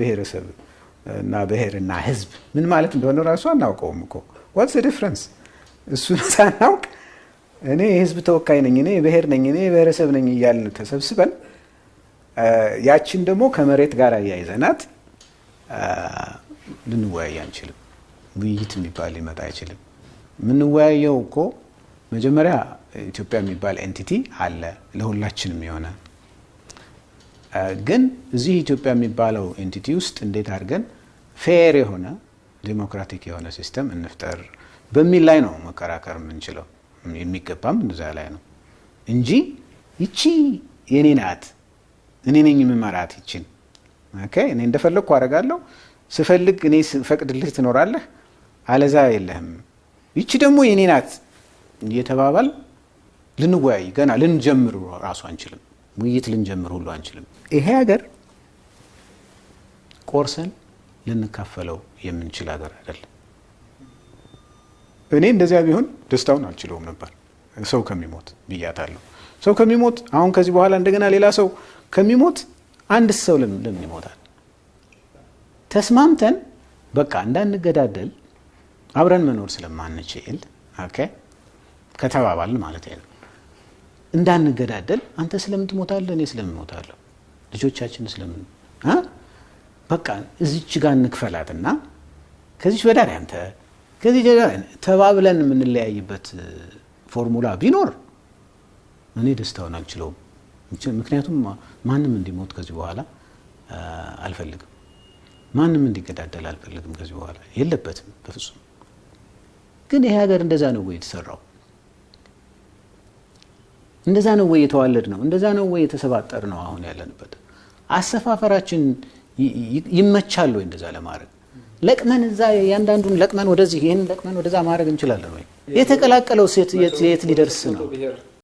ብሔረሰብ እና ብሔርና ህዝብ ምን ማለት እንደሆነ ራሱ አናውቀውም እኮ ዋትስ ዲፍረንስ። እሱን ሳናውቅ እኔ የህዝብ ተወካይ ነኝ፣ እኔ የብሔር ነኝ፣ እኔ የብሔረሰብ ነኝ እያልን ተሰብስበን ያችን ደግሞ ከመሬት ጋር አያይዘናት ልንወያይ አንችልም። ውይይት የሚባል ሊመጣ አይችልም። የምንወያየው እኮ መጀመሪያ ኢትዮጵያ የሚባል ኤንቲቲ አለ ለሁላችንም የሆነ ግን እዚህ ኢትዮጵያ የሚባለው ኤንቲቲ ውስጥ እንዴት አድርገን ፌር የሆነ ዲሞክራቲክ የሆነ ሲስተም እንፍጠር በሚል ላይ ነው መከራከር የምንችለው። የሚገባም እንደዛ ላይ ነው እንጂ ይቺ የኔ ናት፣ እኔ ነኝ የምመራት ይችን። እኔ እንደፈለግኩ አደርጋለሁ፣ ስፈልግ እኔ ፈቅድልህ ትኖራለህ፣ አለዛ የለህም። ይቺ ደግሞ የኔ ናት እየተባባል ልንወያይ ገና ልንጀምር ራሱ አንችልም። ውይይት ልንጀምር ሁሉ አንችልም። ይሄ ሀገር ቆርሰን ልንካፈለው የምንችል ሀገር አይደለም። እኔ እንደዚያ ቢሆን ደስታውን አልችለውም ነበር ሰው ከሚሞት ብያታለሁ። ሰው ከሚሞት አሁን ከዚህ በኋላ እንደገና ሌላ ሰው ከሚሞት አንድ ሰው ለምን ይሞታል? ተስማምተን በቃ እንዳንገዳደል አብረን መኖር ስለማንችል ከተባባልን ማለት ነው። እንዳንገዳደል አንተ ስለምን ትሞታለህ፣ እኔ ስለምን እሞታለሁ፣ ልጆቻችን ስለምን በቃ እዚች ጋር እንክፈላትና ከዚች በዳር አንተ ከዚህ ተባብለን የምንለያይበት ፎርሙላ ቢኖር እኔ ደስታውን አልችለውም። ምክንያቱም ማንም እንዲሞት ከዚህ በኋላ አልፈልግም። ማንም እንዲገዳደል አልፈልግም ከዚህ በኋላ የለበትም በፍጹም። ግን ይሄ ሀገር እንደዛ ነው የተሰራው። እንደዛ ነው ወይ የተዋለድ ነው? እንደዛ ነው ወይ የተሰባጠር ነው? አሁን ያለንበት አሰፋፈራችን ይመቻል ወይ እንደዛ ለማድረግ? ለቅመን እዛ ያንዳንዱን ለቅመን ወደዚህ፣ ይህን ለቅመን ወደዛ ማድረግ እንችላለን ወይ? የተቀላቀለው ሴት የት ሊደርስ ነው?